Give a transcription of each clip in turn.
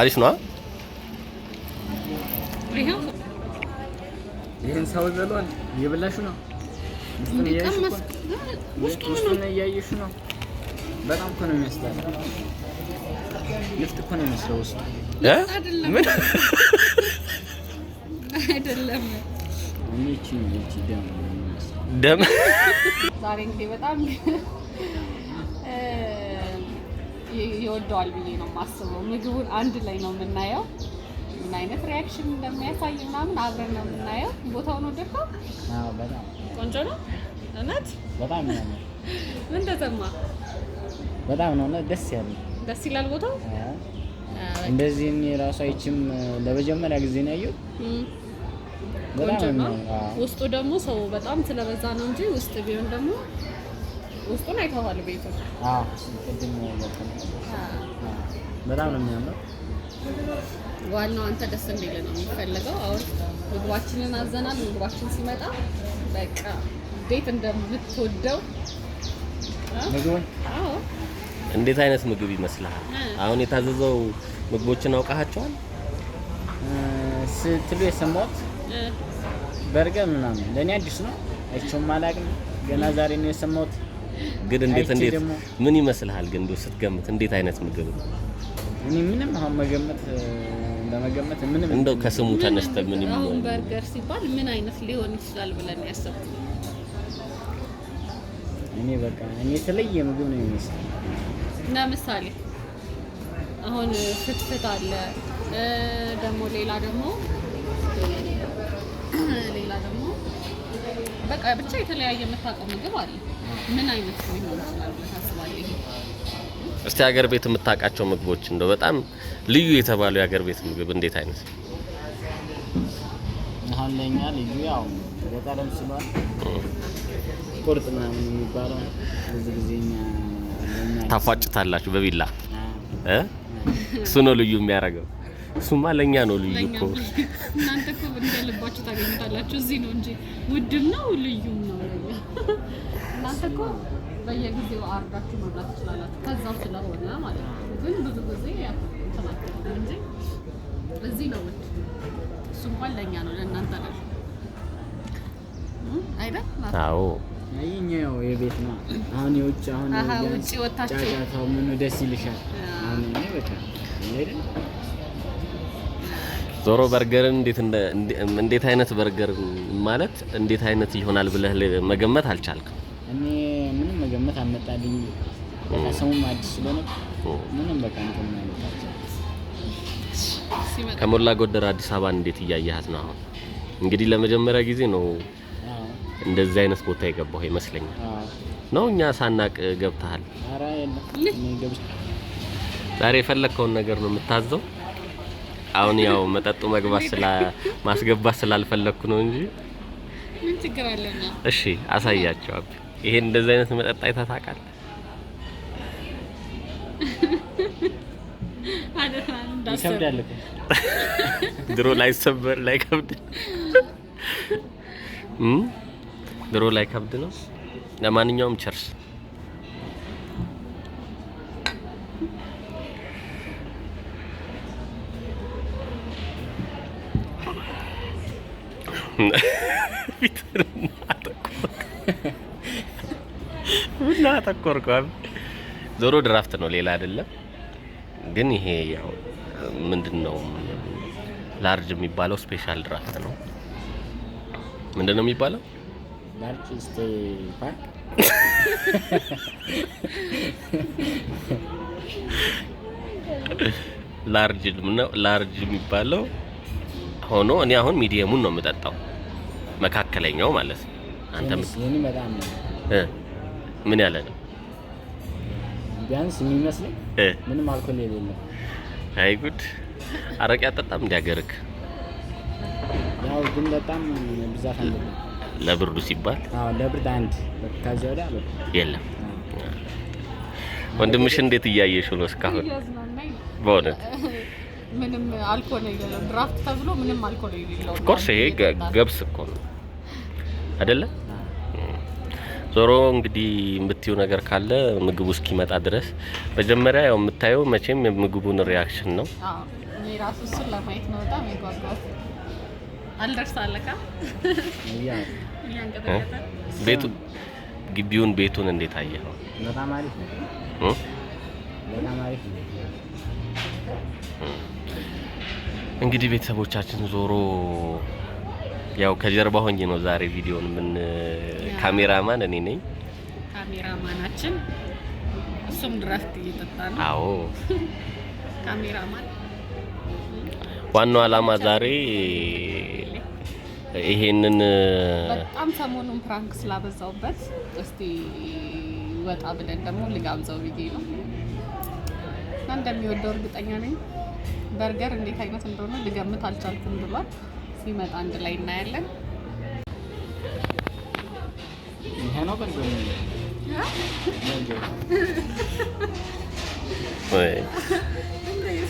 አሪፍ ነው። ይህን ሰው ዘሏል። እየበላሹ ነው። ውስጡን እያየሹ ነው። በጣም እኮ ነው የሚመስለው። ልፍት እኮ ነው የሚመስለው ውስጡ አይደለም። ደም ዛሬ እንግዲህ በጣም ይወደዋል ብዬ ነው የማስበው። ምግቡን አንድ ላይ ነው የምናየው ምን አይነት ሪያክሽን እንደሚያሳይ ምናምን አብረን ነው የምናየው። ቦታውን ወደድከው? አዎ ቆንጆ ነው። እውነት በጣም ምን ተሰማ? በጣም ነው ደስ ያለ ደስ ይላል ቦታው። እንደዚህ እኔ ራሱ አይቼም ለመጀመሪያ ጊዜ ነው ያየሁት። ቆንጆ ነው። ውስጡ ደግሞ ሰው በጣም ስለበዛ ነው እንጂ ውስጥ ቢሆን ደግሞ ውስጡን አይተዋል። ቤቱ በጣም ነው የሚያምረው። ዋናው አንተ ደስ እንዲል ነው የሚፈለገው። አሁን ምግባችንን አዘናል። ምግባችን ሲመጣ በቃ እንዴት እንደምትወደው እንዴት አይነት ምግብ ይመስልሃል? አሁን የታዘዘው ምግቦችን አውቃቸዋል ስትሉ የሰማሁት በርገር ምናምን ለእኔ አዲስ ነው፣ አይቼውም አላውቅም። ገና ዛሬ ነው የሰማሁት። ግን እንዴት እንዴት ምን ይመስልሃል? ግን እንደው ስትገምት እንዴት አይነት ምግብ ነው? እኔ ምንም አሁን መገመት እንደመገመት ምንም እንደው ከስሙ ተነስተ ምን አሁን በርገር ሲባል ምን አይነት ሊሆን ይችላል ብለን ያሰብኩት እኔ በቃ እኔ የተለየ ምግብ ነው የሚመስለው። ለምሳሌ አሁን ፍትፍት አለ፣ ደግሞ ሌላ ደግሞ ሌላ ደግሞ በቃ ብቻ የተለያየ የምታውቀው ምግብ አለ። እስቲ ሀገር ቤት የምታውቃቸው ምግቦች እንደው በጣም ልዩ የተባለው የሀገር ቤት ምግብ እንዴት አይነት አሁን ለኛ ልዩ ያው ገጠርም ስለሆነ ቁርጥ ምናምን የሚባለው ብዙ ጊዜ ታፋጭታላችሁ በቢላ እሱ ነው ልዩ የሚያደርገው። እሱማ ለኛ ነው ልዩ እኮ። እናንተ እኮ እንደልባችሁ ታገኙታላችሁ። እዚህ ነው እንጂ ውድም ነው ልዩም ነው። እናንተ እኮ በየጊዜው አርዳችሁ መብላት ትችላላችሁ፣ ስለሆነ ማለት ነው። ግን ብዙ ጊዜ እንጂ እዚህ ነው እሱ እንኳን ለእኛ ነው ለእናንተ አይደል? አዎ የቤት ነው። አሁን የውጭ አሁን ውጭ ወታቸው ምኑ ደስ ይልሻል? ዞሮ በርገርን እንዴት አይነት በርገር ማለት እንዴት አይነት ይሆናል ብለህ መገመት አልቻልክም። እኔ ምንም መገመት አመጣልኝ። ሰሙም አዲስ ስለሆነ ምንም በቃ እንትን ከሞላ ጎደር አዲስ አበባን እንዴት እያየሃት ነው? አሁን እንግዲህ ለመጀመሪያ ጊዜ ነው እንደዚህ አይነት ቦታ የገባሁ ይመስለኛል። ነው እኛ ሳናቅ ገብተሃል። ዛሬ የፈለግከውን ነገር ነው የምታዘው። አሁን ያው መጠጡ መግባት ስላ ማስገባት ስላልፈለግኩ ነው እንጂ ምን ችግር አለና። እሺ አሳያቸው አቤ ይሄ እንደዚህ አይነት መጠጥ አይተህ ታውቃለህ? ድሮ ላይ ሰበር ላይ ከብድ ድሮ ላይ ከብድ ነው። ለማንኛውም ቸርስ ፊትርና እና ተኮርኳል። ዞሮ ድራፍት ነው ሌላ አይደለም። ግን ይሄ ያው ምንድን ነው ላርጅ የሚባለው ስፔሻል ድራፍት ነው። ምንድን ነው የሚባለው? ላርጅ ነው ላርጅ የሚባለው ሆኖ እኔ አሁን ሚዲየሙን ነው የምጠጣው፣ መካከለኛው ማለት ነው። አንተ ምን ያለ ነው? ቢያንስ የሚመስለኝ ምንም አልኮል የሌለው። አይ ጉድ! አረቄ አጠጣም እንዲያገርክ ያው ግን በጣም ብዛት አለ ለብርዱ ሲባል። አዎ ለብርድ አንድ ከዚያ ወዲያ የለም። ወንድምሽ እንዴት እያየሽው ነው እስካሁን? በእውነት ምንም አልኮል የሌለው ድራፍት ተብሎ ምንም አልኮል የሌለው። ኦፍ ኮርስ ይሄ ገብስ እኮ ነው አይደለ? ዞሮ እንግዲህ የምትዩ ነገር ካለ ምግቡ እስኪመጣ ድረስ መጀመሪያ ያው የምታየው መቼም የምግቡን ሪያክሽን ነው። ራሱ እሱን ለማየት ነው በጣም ቤቱ ግቢውን ቤቱን እንዴት አየ ነው? በጣም አሪፍ ነው። በጣም አሪፍ ነው። እንግዲህ ቤተሰቦቻችን ዞሮ ያው ከጀርባ ሆኜ ነው ዛሬ ቪዲዮን ምን ካሜራማን እኔ ነኝ። ካሜራማናችን እሱም ድራፍት እየጠጣ ነው። አዎ ካሜራማን። ዋናው አላማ ዛሬ ይሄንን በጣም ሰሞኑን ፕራንክ ስላበዛውበት እስቲ ወጣ ብለን ደግሞ ልጋብዘው ብዬ ነው እና እንደሚወደው እርግጠኛ ነኝ። በርገር እንዴት አይነት እንደሆነ ልገምት አልቻልኩም ብሏል። ሲመጣ አንድ ላይ እናያለን።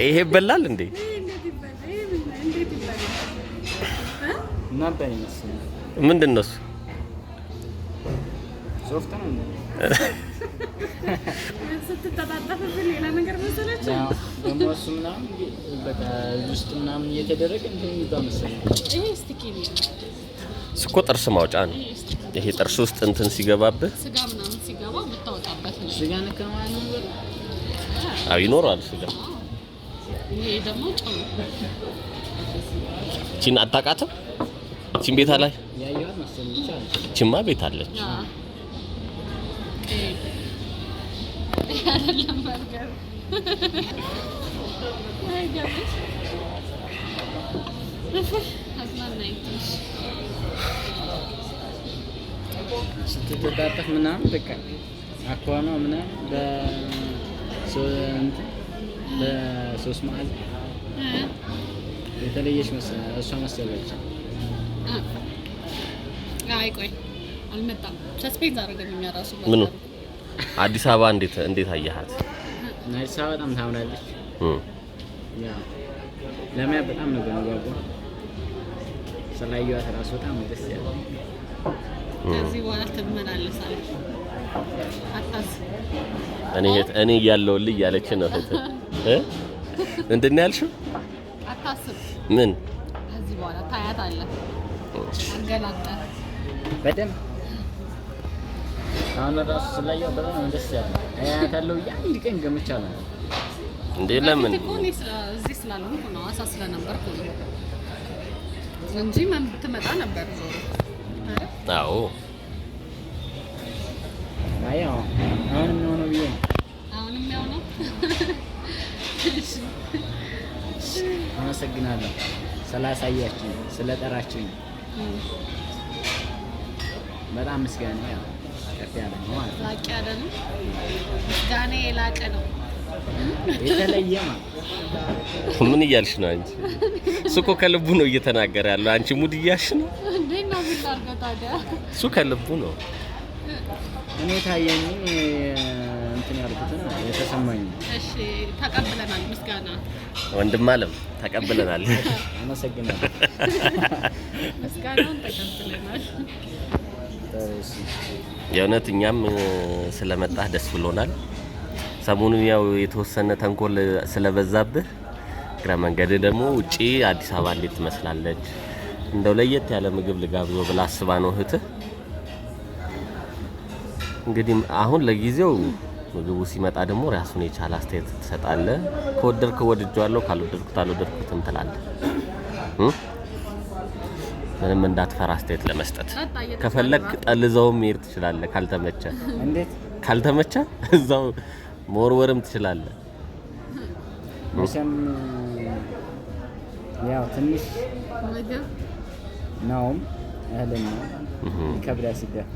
ይሄ ይበላል እንዴ? ምንድን ነው እሱ? ስትተጣጠፍብን ሌላ ነገር ደግሞ እሱ ምናምን በቃ ውስጥ ምናምን እየተደረገ እንትን የሚባል መሰለኝ። ይሄ ስቲኪ እኮ ጥርስ ማውጫ ነው። ይሄ ጥርስ ውስጥ እንትን ሲገባብህ ስጋ ምናምን ሲገባ ብታወጣበት ነው። ስጋ ነው። አዎ ይኖረዋል ስጋ። ይሄ ደግሞ ጨው። ይቺን አታውቃትም? ይቺን ቤታ ላይ ያየዋል ቤት አለች። አይደለም ምናምን በቃ አኳኗ ምናምን በሶስት መዓል የተለየች እሷ መሰለች። አይ ቆይ አልመጣም። ሰስፔንዝ አደረገኝ እራሱ ምኑ አዲስ አበባ እንዴት እንዴት አያሃት? አዲስ አበባ በጣም ታምራለች። ያው በጣም ነው ገነጓጓ ስላየኋት እራሱ በጣም ደስ ያለው። ከዚህ በኋላ ትመላለሳለች እኔ እኔ እያለሁልህ እያለች ነው እህት እ ምንድን ነው ያልሽው? አታስብ። ምን ከዚህ በኋላ ታያታለህ። አንገላጣ በደምብ አሁን ራሱ ስላየው በጣም ደስ ያለ። አያታለሁ አንድ ቀን ገምቻለሁ። እንዴ ለምን እዚህ ስላልሆንኩ ነው፣ አሳ ስለነበርኩ እንጂ ምን ብትመጣ ነበር። አዎ አሁን ብዬ አመሰግናለሁ፣ ስላሳያችሁኝ፣ ስለጠራችሁኝ በጣም ምስጋና ከፍ ያለ ነው ማለት ላቅ ያለ ነው። ምስጋና የላቀ ነው። የተለየ ምን እያልሽ ነው አንቺ? እሱ እኮ ከልቡ ነው እየተናገረ ያለው። አንቺ ሙድ እያልሽ ነው። እንዴ? ነው የምታርገው ታዲያ? እሱ ከልቡ ነው። እኔ ታየኝ እንትን ነው የተሰማኝ። እሺ ተቀብለናል። ምስጋና ወንድም አለም ተቀብለናል። አመሰግናለሁ። ምስጋናን ተቀብለናል። የእውነት እኛም ስለመጣህ ደስ ብሎናል። ሰሞኑን ያው የተወሰነ ተንኮል ስለበዛብህ እግረ መንገድ ደግሞ ውጪ አዲስ አበባ እንዴት ትመስላለች እንደው ለየት ያለ ምግብ ልጋብዞ ብላ አስባ ነው እህትህ። እንግዲህ አሁን ለጊዜው ምግቡ ሲመጣ ደግሞ ራሱን የቻለ አስተያየት ትሰጣለህ። ከወደድክ ወድጄዋለሁ፣ ካልወደድኩት አልወደድኩትም ትላለህ። ምንም እንዳትፈራ አስተያየት ለመስጠት ከፈለግ ጠልዘውም መሄድ ትችላለህ። ካልተመቸ ካልተመቸ እዛው መወርወርም ትችላለህ። መቼም ያው ትንሽ ነው ነውም እህልና ይከብዳል ሲደፋ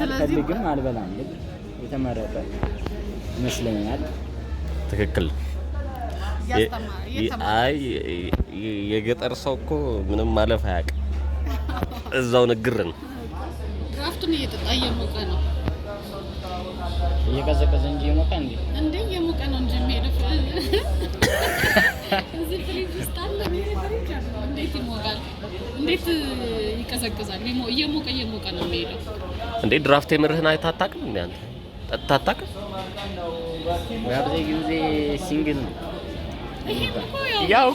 አልፈልግም አልበላም ልግ የተመረጠ ይመስለኛል። ትክክል አይ የገጠር ሰው እኮ ምንም ማለፍ አያውቅም። እዛው ንግር ነው። ድራፍቱን እየጠጣ እየሞቀ ነው። እየቀዘቀዘ እንጂ እየሞቀ እንዴ! እንዴ! እየሞቀ ነው እንጂ የሚሄደው እዚህ ፍሪጅ ውስጥ አለ። እንዴት ይሞቃል? እንዴት ይቀዘቅዛል? እየሞቀ እየሞቀ ነው የሚሄደው። እንዴ! ድራፍት የምርህን አይታታቅም እንዴ አንተ? ጠጥታ አታውቅም? ጊዜ ሲንግል ነው ያው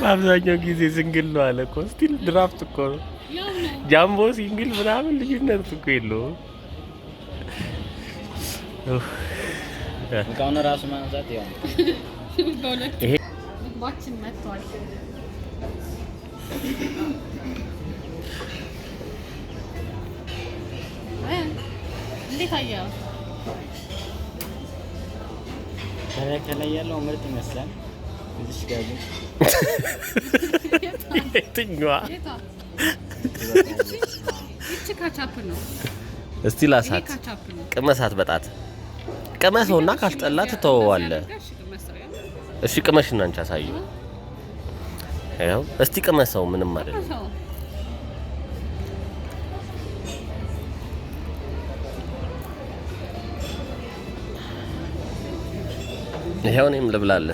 በአብዛኛው ጊዜ ዝንግል ነው አለ እኮ ስቲል ድራፍት እኮ ነው። ጃምቦ ሲንግል ምናምን ልዩነት እኮ የለውም። እቃውን ራሱ ማንሳት ያው እንዴት ምርጥ ይመስላል። እስቲ ላሳት ቅመሳት፣ በጣት ቅመሰውና ካስጠላ ትተወዋለህ። እሺ ቅመሽና አንቺ አሳየው። እስቲ ቅመሰው። ምንም አይደለም። ይሄው እኔም ልብላለ።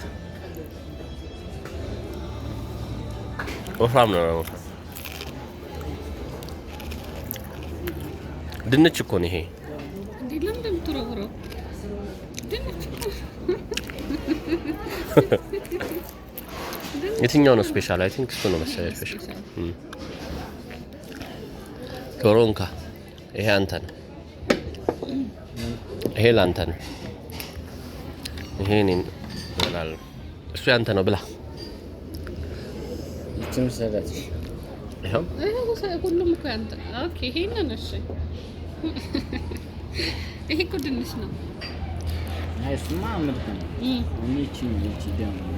ወፍራም ነው። ወፍራም ድንች እኮ ነው ይሄ። እንዴ ለምን ድንች የትኛው ነው ስፔሻል? አይ ቲንክ እሱ ነው መሰለኝ ስፔሻል። ዶሮንካ ይሄ አንተ ነው። ይሄ ለአንተ ነው። ይሄ እኔም እሱ ያንተ ነው ብላ። ሁሉም እኮ ያንተ። ኦኬ፣ እሺ። ይሄ እኮ ነው። አይ ነው። እኔ ደግሞ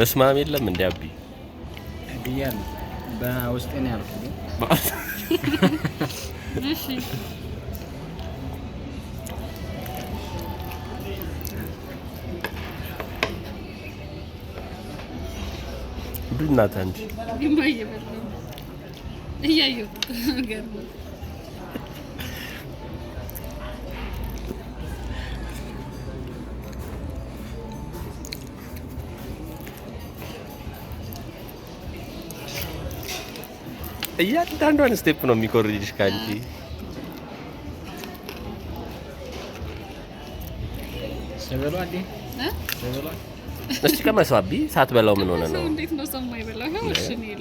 በስማም የለም እንደ አቢ ብያለሁ። በውስጤ ነው ያልኩት። እሺ ብናታ እንጂ ግማ እየበላሁ እያየሁ ገርሞት እያንዳንዷን ስቴፕ ነው የሚኮርጅሽ ከአንቺ እስቲ ቀመሰው ሳት በላው ምን ሆነ ነው? እንዴት ነው ሰው የማይበላው? ይኸው እሺ፣ እኔ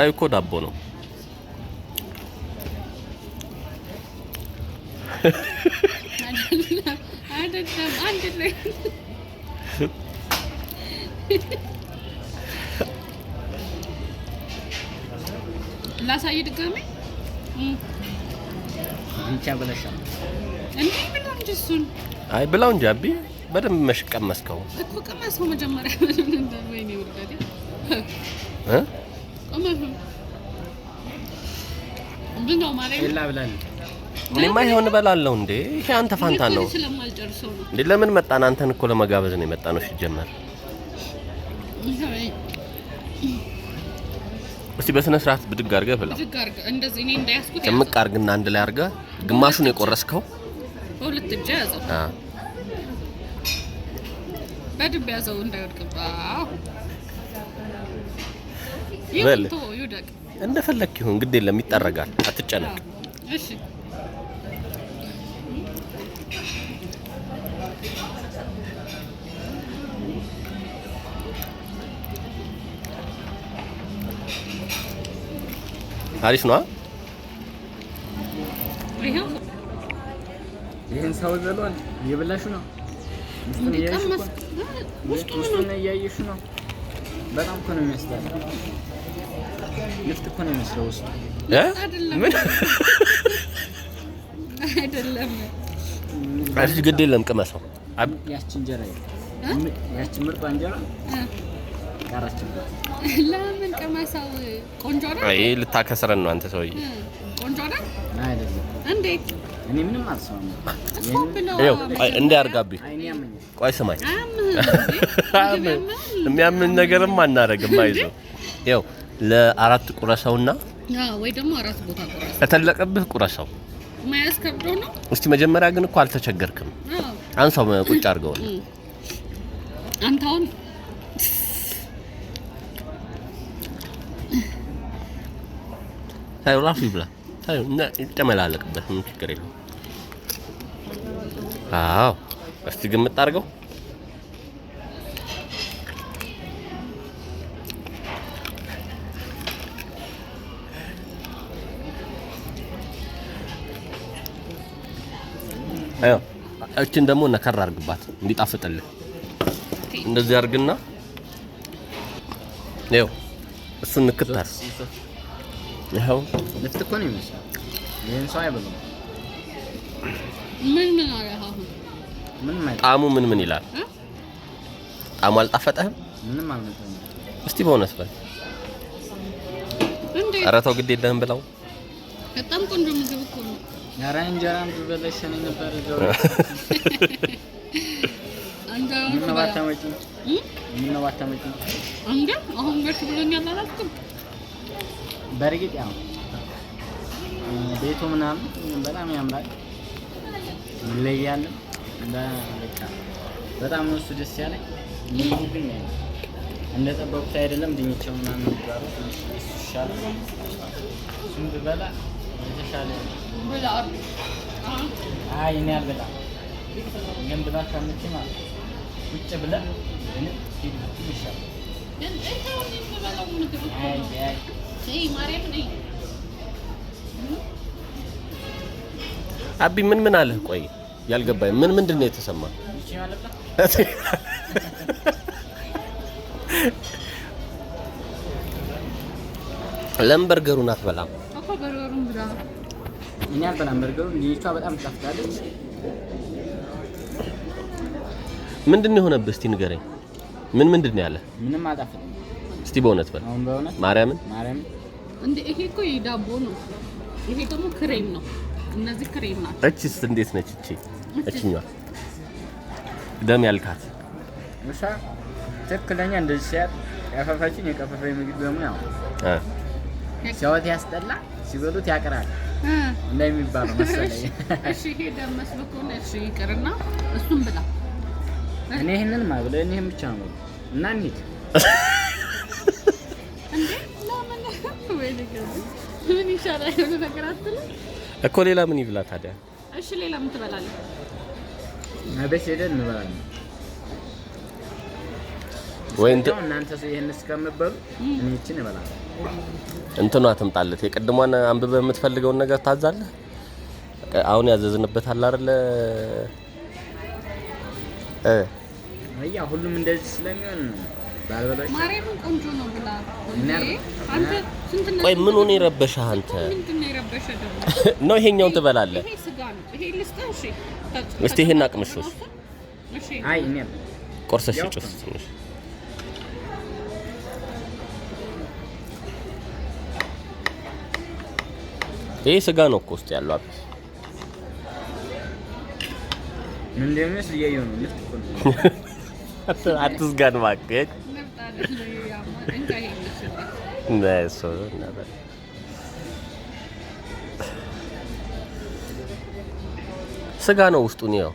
ላይ እኮ ዳቦ ነው። ላሳይ ድጋሜ ብቻ ብለሻል እንዴ? ብላው እንጂ እሱን አይ ብላው እንጂ አቢ በደንብ መሽ ቀመስከው እኮ ቀመስከው። መጀመሪያ እ ብላው እኔማ ይሄውን እበላለሁ እንዴ። ይሄ አንተ ፋንታ ነው እንዴ? ለምን መጣን? አንተን እኮ ለመጋበዝ ነው የመጣ ነው ሲጀመር። እስቲ በስነ ስርዓት ብድግ አድርገህ ብላ። ጭምቅ አድርግና አንድ ላይ አድርገህ ግማሹን የቆረስከው በሁለት እጅ ያዘው። በድብ ያዘው እንዳይወድቅባ እንደፈለክ ይሁን፣ ግድ የለም ይጠረጋል። አትጨነቅ። እሺ አሪፍ ነዋ ይህን ሰው ዘሏል። እየበላሹ ነው። ውስጡን እያየሹ ነው። በጣም እኮ ነው የሚመስለው። ልፍት እኮ ነው የሚመስለው ውስጡ አይደለም። ግድ የለም ቅመሰው። ያቺ እንጀራ ያቺ ምርጥ እንጀራ ለምን ቅመሰው? ቆንጆ ነው። ልታከስረን ነው አንተ ሰውዬ። ቆንጆ ነው አይደለም? እንዴት እንዴ አርጋብኝ። ቆይ ስማኝ፣ የሚያምን ነገርም አናደርግም። አይዞህ ይኸው ለአራት ቁረሰውና ወይ ደግሞ አራት ቦታ ቁረሰው፣ ከተለቀብህ ቁረሰው። ማያስከብደው ነው። መጀመሪያ ግን እኮ አልተቸገርክም። አንሳው ቁጭ አድርገው አንተ አሁን ታዩ ራሱ ይብላ ታዩ እና ይጨመላለቅበት ምን ችግር የለው። አዎ እስቲ ግምት አድርገው አዎ እችን ደግሞ ነከር አድርግባት እንዲጣፍጥልህ እንደዚህ አርግና ይኸው እሱን ይኸው ልፍት እኮ ነው የሚመስለው። ይህን ሰው አይበሉም። ምን ምን አለ አሁን ጣዕሙ ምን ምን ይላል? ጣዕሙ አልጣፈጠህም? ምንም አልመጣም። እስቲ በእውነት በል። ኧረ ተው ግድ የለህም ብለው። በጣም ቆንጆ ምግብ እኮ ነው። ኧረ እንጀራም ብበላሽ ሰኔ ነበር። ምን ነው ባታመጪ? አሁን ገርት ብሎኛል አላልኩም በእርግጥ ያው ቤቱ ምናምን በጣም ያምራል፣ እንለያለን። በቃ በጣም ነው እሱ ደስ ያለኝ። ምግቡ ግን እንደጠበቁት አይደለም። ድኝቸው ምናምን የሚባለው ትንሽ እሱ ይሻላል። እሱም ብበላ የተሻለ አይ እኔ አልበላም፣ ግን ብላ ከምች ማለት ውጭ ብለን ግን ይሻላል። አቢ ምን ምን አለህ? ቆይ ያልገባኝ ምን ምንድን ነው የተሰማ? ለምን በርገሩን አትበላም? እኔ አልበላም በርገሩን። ልጅቷ በጣም ጣፍጣለች። ምንድን ነው የሆነብህ? እስቲ ንገረኝ። ምን ምንድን ነው ያለህ? ምንም አጣፍጥም እስቲ በእውነት በል ማርያምን እንዴ! ይሄ እኮ የዳቦ ነው። ይሄ ደግሞ ክሬም ነው። እነዚህ ክሬም ናቸው። እቺስ እንዴት ነች? እቺ እቺኛ ደም ያልካት ውሻ ትክክለኛ እንደዚህ ሲያት ያፈፋችን የቀፈፈ ምግብ ደግሞ ያው ሲያወት ያስጠላ፣ ሲበሉት ያቅራል እንደሚባለው መሰለኝ። እሺ ይሄ ደም መስሎ ከሆነ እሺ ይቅርና እሱም ብላ እኔ ይሄንን ማብለ እኔ ብቻ ነው እና እንሂድ ምን ይሻላል የሆነ ነገር አትልም እኮ ሌላ ምን ይብላ ታዲያ? እሺ ሌላ ምን ትበላለህ? ቤት ሄደን እንበላለን ወይ እናንተ ሰው ይሄን እስከምበሉ እኔ ይችን እበላለሁ። እንትኗ ትምጣለት የቅድሟን አንብበህ የምትፈልገውን ነገር ታዛለህ። አሁን ያዘዝንበት አለ አይደለ እ ሁሉም እንደዚህ ስለሚሆን ነው ቆይ ምን ሆነ የረበሸህ አንተ? ነው ይሄኛውን ትበላለህ? እስቲ ይሄን አቅምሽ ቆርሰሽ ጭስ ትንሽ ስጋ ነው እኮ ውስጥ ያለው። ምን እያየሁ ነው። አትስጋን እባክህ። ስጋ ነው ውስጡን ያው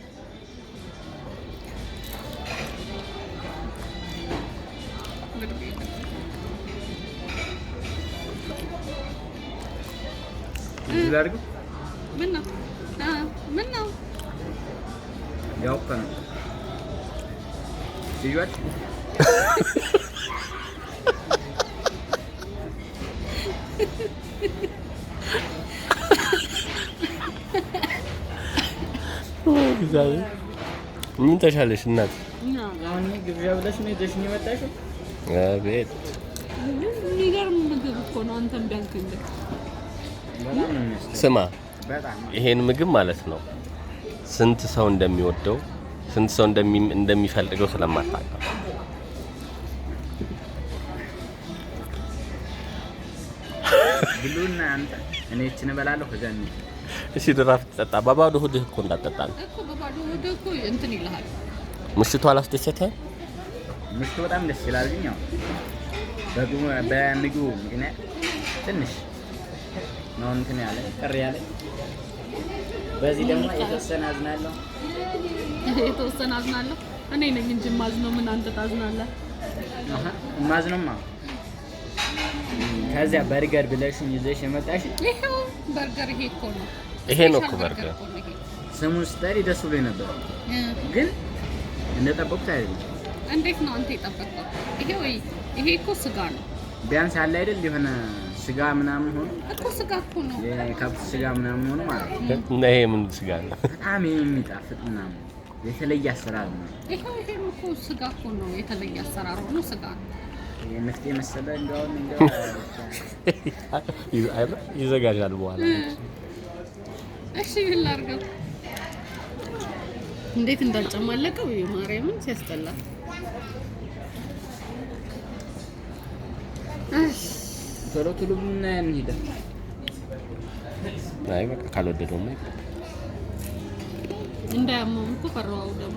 ያው ምን ተሻለሽ እናት? አቤት የሚገርም ምግብ እኮ ነው። አንተም ስማ፣ ይሄን ምግብ ማለት ነው ስንት ሰው እንደሚወደው ስንት ሰው እንደሚፈልገው ስለማታውቅ አንተ እኔ እችን እበላለሁ ከዛን እሺ ድራፍት ጠጣ። በባዶ ሆድህ እኮ እንዳትጠጣ ነው እኮ በባዶ ሆድህ እኮ እንትን ይልሃል። ምሽቱ አላስደሰተህም? ምሽቱ በጣም ደስ ይላል፣ ግን ያው በምግቡ ምክንያት ትንሽ ነው እንትን ያለ ቅር ያለ። በዚህ ደግሞ የተወሰነ አዝናለሁ፣ የተወሰነ አዝናለሁ። እኔ ነኝ እንጂ ማዝነው ምን አንተ ታዝናለህ? አሃ ማዝነውማ ከዚያ በርገር ብለሽን ይዘሽ የመጣሽ ይሄው በርገር፣ ይሄ እኮ ነው ይሄ ነው እኮ በርገር። ስሙ ስጠሪ ደስ ብሎ ነበር፣ ግን እንደጠበቁት አይደለም። እንዴት ነው አንተ የጠበቀው? ይሄ ወይ ይሄ እኮ ስጋ ነው። ቢያንስ አለ አይደል የሆነ ስጋ ምናምን ሆኖ እኮ ስጋ እኮ ነው የከብት ስጋ ምናምን ሆኖ ማለት ነው። እና ይሄ ምን ስጋ ነው? በጣም የሚጣፍጥ ምናምን የተለየ አሰራር ነው። ይሄ ይሄ እኮ ስጋ እኮ ነው። የተለየ አሰራር ሆኖ ስጋ ነው። ይዘጋጃል በኋላ። እሺ ምን ላድርገው? እንዴት እንዳልጨማለቀው ማርያምን ሲያስጠላ ቶሎ ቶሎ ቡና እንሂድ። አይ በቃ ካልወደደውማ እንዳያመውም እኮ ፈራው ደግሞ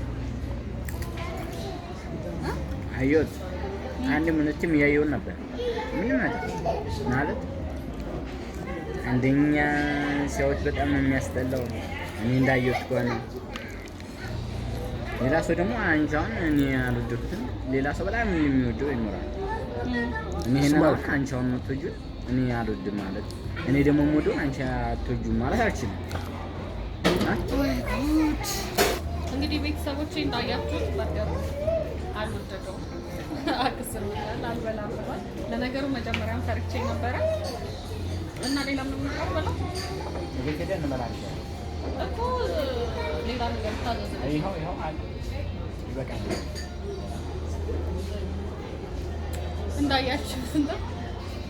አየሁት። አንድ ምንችም እያየውን ነበር። ምን ማለት ማለት አንደኛ ሲያዩት በጣም የሚያስጠላው። እኔ እንዳየሁት ከሆነ ሌላ ሰው ደግሞ አንቻውን እኔ አልወደድኩትም። ሌላ ሰው በጣም የሚወደው ይኖራል። እኔ ይሄን አንቻውን ምትወጁ እኔ አልወድም ማለት እኔ ደግሞ የምወደውን አንቺ አትወጁ ማለት አልችልም። እንግዲህ ቤተሰቦች እንዳያችሁት በደሩ አልወደዱ አክስሎታል አልበላም ብሏል። ለነገሩ መጀመሪያም ፈርቼ ነበረ እና ሌላ ምን የምንቀበለው ቤት ሄደን እንበላለን እኮ ሌላ ነገር ታዘዝ። ይኸው ይኸው አለ ይበቃል። እንዳያችሁ እንደ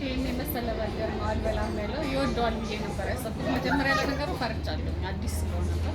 ይሄን የመሰለ በርገር ነው አልበላም ያለው። ይወደዋል ብዬ ነበር ያሰብኩት መጀመሪያ። ለነገሩ ፈርቻለሁ አዲስ ስለሆነ ነበር